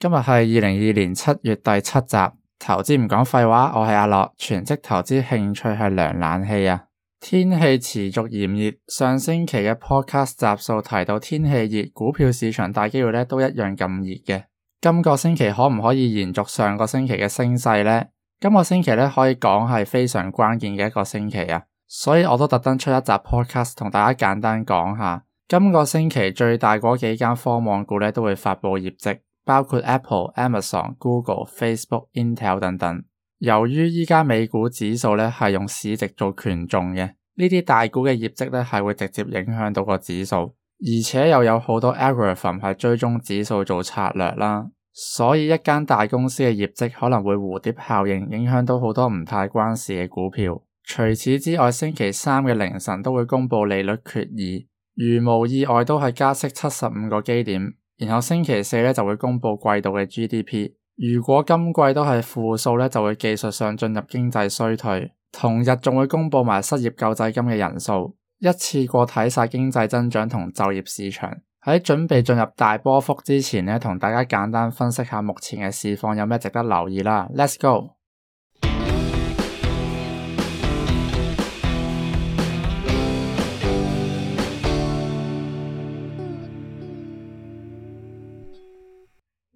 今日係二零二二年七月第七集，投資唔講廢話。我係阿樂，全職投資興趣係涼冷氣啊。天氣持續炎熱，上星期嘅 podcast 集數提到天氣熱，股票市場大機會呢都一樣咁熱嘅。今個星期可唔可以延續上個星期嘅升勢呢？今個星期呢可以講係非常關鍵嘅一個星期啊，所以我都特登出一集 podcast 同大家簡單講下，今個星期最大嗰幾間科網股呢都會發佈業績。包括 Apple、Amazon、Google、Facebook、Intel 等等。由於依家美股指數咧，係用市值做權重嘅，呢啲大股嘅業績咧，係會直接影響到個指數，而且又有好多 algorithm 係追蹤指數做策略啦，所以一間大公司嘅業績可能會蝴蝶效應影響到好多唔太關事嘅股票。除此之外，星期三嘅凌晨都會公布利率決議，如無意外都係加息七十五個基點。然後星期四呢就會公布季度嘅 GDP，如果今季都係負數呢就會技術上進入經濟衰退。同日仲會公布埋失業救濟金嘅人數，一次過睇晒經濟增長同就業市場。喺準備進入大波幅之前呢，同大家簡單分析下目前嘅市況有咩值得留意啦。Let's go。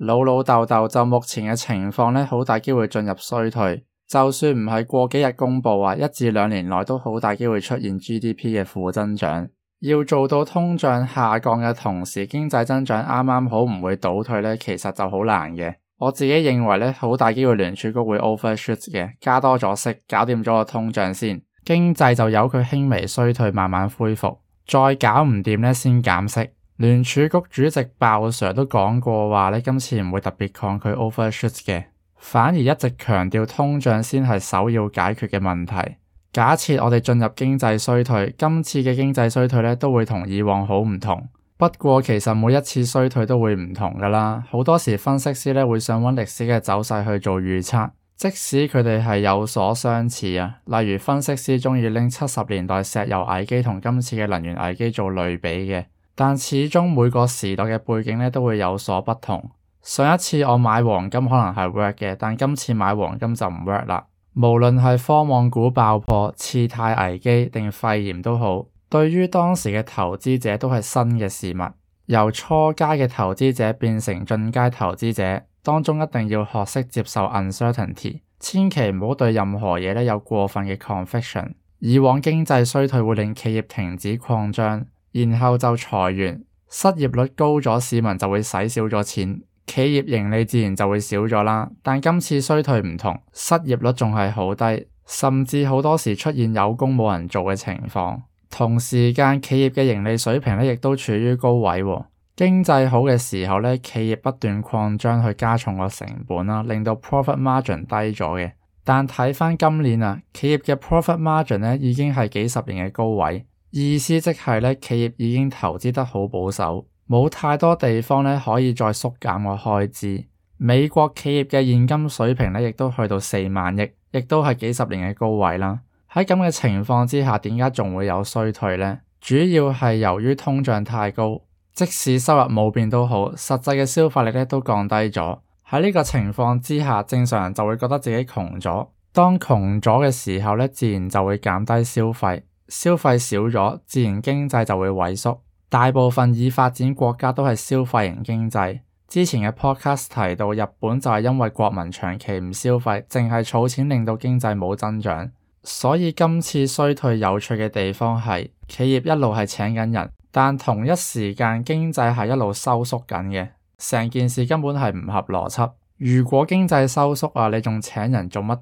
老老豆豆就目前嘅情況呢，好大機會進入衰退。就算唔係過幾日公布啊，一至兩年內都好大機會出現 GDP 嘅負增長。要做到通脹下降嘅同時，經濟增長啱啱好唔會倒退呢，其實就好難嘅。我自己認為呢，好大機會聯儲局會 overshoot 嘅，加多咗息，搞掂咗個通脹先，經濟就由佢輕微衰退慢慢恢復，再搞唔掂呢先減息。聯儲局主席鮑 Sir 都講過話呢今次唔會特別抗拒 overshoot 嘅，反而一直強調通脹先係首要解決嘅問題。假設我哋進入經濟衰退，今次嘅經濟衰退呢都會同以往好唔同。不過其實每一次衰退都會唔同㗎喇，好多時分析師呢會想揾歷史嘅走勢去做預測，即使佢哋係有所相似啊。例如分析師鍾意拎七十年代石油危機同今次嘅能源危機做類比嘅。但始終每個時代嘅背景都會有所不同。上一次我買黃金可能係 work 嘅，但今次買黃金就唔 work 啦。無論係科網股爆破、次貸危機定是肺炎都好，對於當時嘅投資者都係新嘅事物。由初階嘅投資者變成進階投資者，當中一定要學識接受 uncertainty，千祈唔好對任何嘢都有過分嘅 confusion。以往經濟衰退會令企業停止擴張。然後就裁員，失業率高咗，市民就會使少咗錢，企業盈利自然就會少咗啦。但今次衰退唔同，失業率仲係好低，甚至好多時出現有工冇人做嘅情況。同時間，企業嘅盈利水平咧亦都處於高位喎。經濟好嘅時候咧，企業不斷擴張去加重個成本啦，令到 profit margin 低咗嘅。但睇翻今年啊，企業嘅 profit margin 咧已經係幾十年嘅高位。意思即係咧，企業已經投資得好保守，冇太多地方咧可以再縮減個開支。美國企業嘅現金水平咧，亦都去到四萬億，亦都係幾十年嘅高位啦。喺咁嘅情況之下，點解仲會有衰退呢？主要係由於通脹太高，即使收入冇變都好，實際嘅消費力都降低咗。喺呢個情況之下，正常人就會覺得自己窮咗。當窮咗嘅時候咧，自然就會減低消費。消費少咗，自然經濟就會萎縮。大部分已發展國家都係消費型經濟。之前嘅 Podcast 提到日本就係因為國民長期唔消費，淨係儲錢，令到經濟冇增長。所以今次衰退有趣嘅地方係，企業一路係請緊人，但同一時間經濟係一路收縮緊嘅。成件事根本係唔合邏輯。如果經濟收縮啊，你仲請人做乜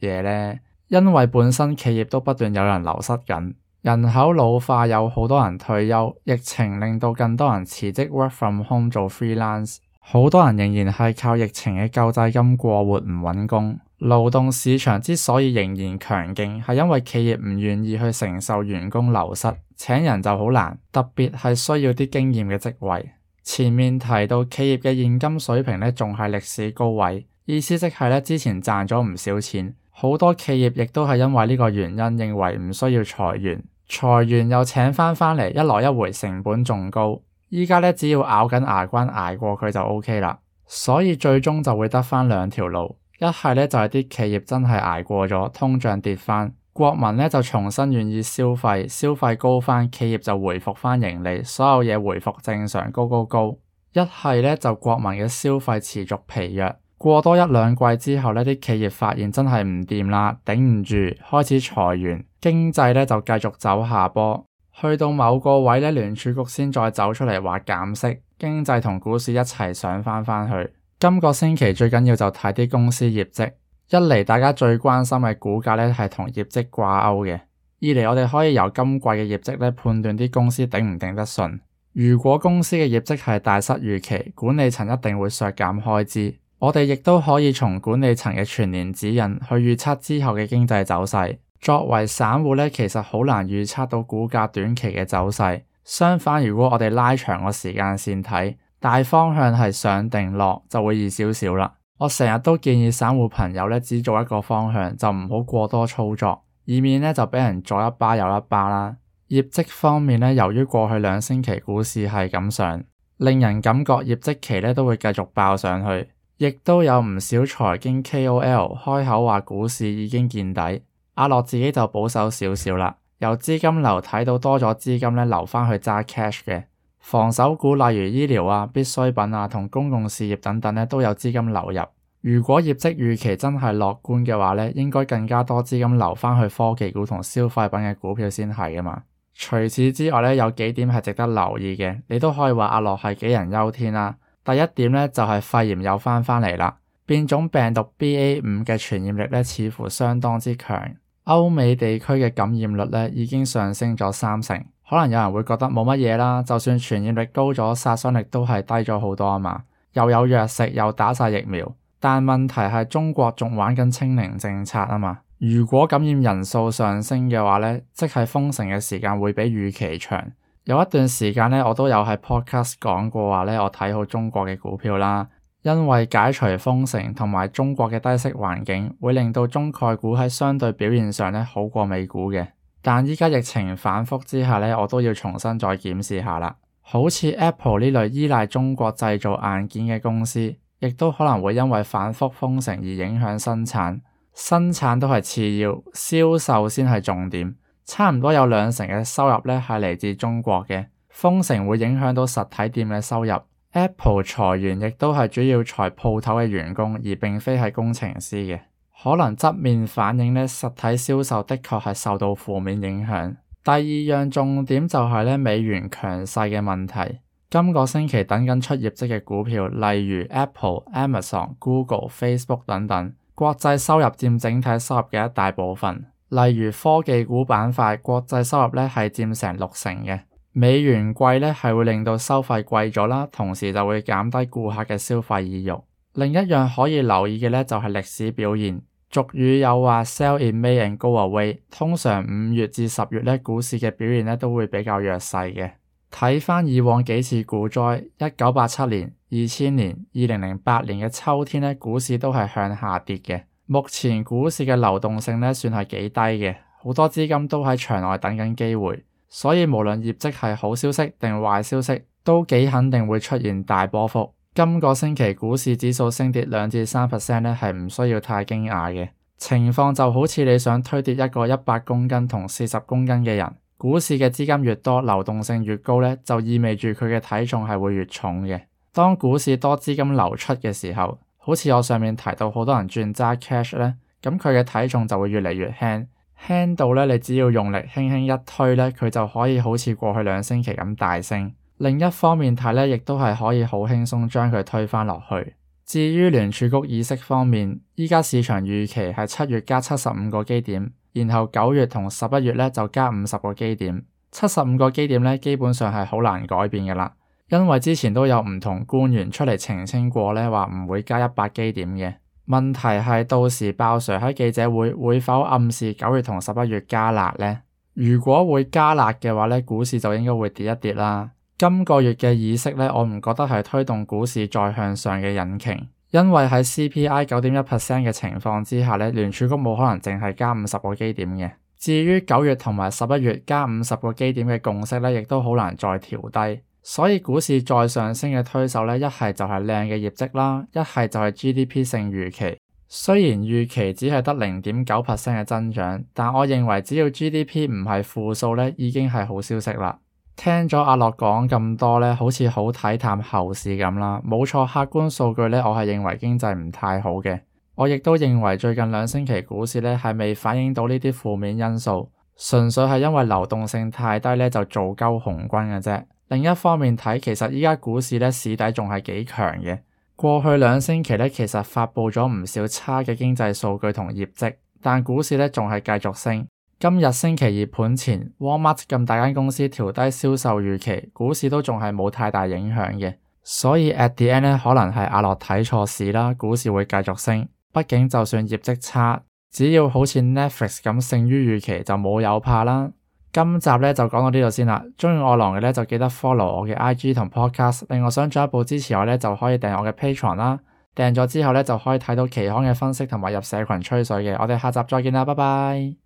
嘢呢？因為本身企業都不斷有人流失緊，人口老化有好多人退休，疫情令到更多人辭職 work from home 做 freelance，好多人仍然係靠疫情嘅救濟金過活唔搵工。勞動市場之所以仍然強勁，係因為企業唔願意去承受員工流失，請人就好難，特別係需要啲經驗嘅職位。前面提到企業嘅現金水平咧，仲係歷史高位，意思即係咧之前賺咗唔少錢。好多企業亦都係因為呢個原因，認為唔需要裁員，裁員又請翻翻嚟，一來一回成本仲高。依家只要咬緊牙關，挨過佢就 OK 啦。所以最終就會得翻兩條路，一係呢，就係啲企業真係挨過咗，通脹跌翻，國民呢，就重新願意消費，消費高翻，企業就回復翻盈利，所有嘢回復正常，高高高。一係呢，就國民嘅消費持續疲弱。過多一兩季之後呢，啲企業發現真係唔掂啦，頂唔住，開始裁員，經濟呢就繼續走下坡。去到某個位呢，聯儲局先再走出嚟話減息，經濟同股市一齊上返返去。今個星期最緊要就睇啲公司業績，一嚟大家最關心嘅股價呢係同業績掛鈎嘅，二嚟我哋可以由今季嘅業績呢判斷啲公司頂唔頂得順。如果公司嘅業績係大失預期，管理層一定會削減開支。我哋亦都可以從管理層嘅全年指引去預測之後嘅經濟走勢。作為散戶呢，其實好難預測到股價短期嘅走勢。相反，如果我哋拉長個時間線睇，大方向係上定落就會易少少啦。我成日都建議散戶朋友呢，只做一個方向就唔好過多操作，以免呢就俾人左一巴右一巴啦。業績方面呢，由於過去兩星期股市係咁上，令人感覺業績期呢都會繼續爆上去。亦都有唔少財經 KOL 開口話股市已經見底，阿樂自己就保守少少啦。由資金流睇到多咗資金呢流返去揸 cash 嘅防守股，例如醫療啊、必需品啊同公共事業等等呢都有資金流入。如果業績預期真係樂觀嘅話呢，應該更加多資金流返去科技股同消費品嘅股票先係㗎嘛。除此之外呢，有幾點係值得留意嘅，你都可以話阿樂係杞人憂天啦、啊。第一點呢，就係肺炎又翻返嚟啦，變種病毒 BA 五嘅傳染力呢，似乎相當之強，歐美地區嘅感染率呢，已經上升咗三成，可能有人會覺得冇乜嘢啦，就算傳染力高咗，殺傷力都係低咗好多啊嘛，又有藥食，又打晒疫苗，但問題係中國仲玩緊清零政策啊嘛，如果感染人數上升嘅話呢，即係封城嘅時間會比預期長。有一段時間咧，我都有喺 podcast 講過話咧，我睇好中國嘅股票啦，因為解除封城同埋中國嘅低息環境，會令到中概股喺相對表現上咧好過美股嘅。但依家疫情反復之下呢，我都要重新再檢視下啦。好似 Apple 呢類依賴中國製造硬件嘅公司，亦都可能會因為反復封城而影響生產。生產都係次要，銷售先係重點。差唔多有兩成嘅收入呢係嚟自中國嘅，封城會影響到實體店嘅收入。Apple 裁員亦都係主要裁鋪頭嘅員工，而並非係工程師嘅。可能側面反映呢實體銷售的確係受到負面影響。第二樣重點就係呢，美元強勢嘅問題。今個星期等緊出業績嘅股票，例如 Apple、Amazon、Google、Facebook 等等，國際收入佔整體收入嘅一大部分。例如科技股板塊國際收入咧係占成六成嘅，美元貴咧係會令到收費貴咗啦，同時就會減低顧客嘅消費意欲。另一樣可以留意嘅咧就係、是、歷史表現，俗語有話 Sell in May and go away，通常五月至十月咧股市嘅表現咧都會比較弱勢嘅。睇翻以往幾次股災，一九八七年、二千年、二零零八年嘅秋天咧股市都係向下跌嘅。目前股市嘅流動性呢，算係幾低嘅，好多資金都喺場外等緊機會，所以無論業績係好消息定壞消息，都幾肯定會出現大波幅。今個星期股市指數升跌兩至三 percent 咧，係唔需要太驚訝嘅。情況就好似你想推跌一個一百公斤同四十公斤嘅人，股市嘅資金越多，流動性越高呢，就意味住佢嘅體重係會越重嘅。當股市多資金流出嘅時候。好似我上面提到，好多人轉揸 cash 咧，咁佢嘅體重就會越嚟越輕，輕到呢，你只要用力輕輕一推呢，佢就可以好似過去兩星期咁大升。另一方面睇呢，亦都係可以好輕鬆將佢推返落去。至於聯儲局議息方面，依家市場預期係七月加七十五個基點，然後九月同十一月呢就加五十個基點。七十五個基點呢，基本上係好難改變嘅啦。因為之前都有唔同官員出嚟澄清過咧，話唔會加一百基點嘅。問題係到時鮑 Sir 喺記者會會否暗示九月同十一月加辣呢？如果會加辣嘅話呢，股市就應該會跌一跌啦。今個月嘅議息呢，我唔覺得係推動股市再向上嘅引擎，因為喺 CPI 九點一 percent 嘅情況之下呢，聯儲局冇可能淨係加五十個基點嘅。至於九月同埋十一月加五十個基點嘅共識呢，亦都好難再調低。所以股市再上升嘅推手呢，一係就係靚嘅業績啦，一係就係 G D P 勝預期。雖然預期只係得零點九 percent 嘅增長，但我認為只要 G D P 唔係負數呢，已經係好消息啦。聽咗阿樂講咁多呢，好似好睇淡後市咁啦。冇錯，客觀數據呢，我係認為經濟唔太好嘅。我亦都認為最近兩星期股市呢，係未反映到呢啲負面因素，純粹係因為流動性太低呢，就做鳩紅軍嘅啫。另一方面睇，其實依家股市呢市底仲係幾強嘅。過去兩星期呢，其實發布咗唔少差嘅經濟數據同業績，但股市呢仲係繼續升。今日星期二盤前，Walmart 咁大間公司調低銷售預期，股市都仲係冇太大影響嘅。所以 at the end 呢，可能係阿樂睇錯市啦。股市會繼續升，畢竟就算業績差，只要好似 Netflix 咁勝於預期，就冇有,有怕啦。今集咧就講到呢度先啦，中意我狼嘅咧就記得 follow 我嘅 IG 同 podcast，另外想進一步支持我咧就可以訂我嘅 Patreon 啦，訂咗之後咧就可以睇到期刊嘅分析同埋入社群吹水嘅，我哋下集再見啦，拜拜。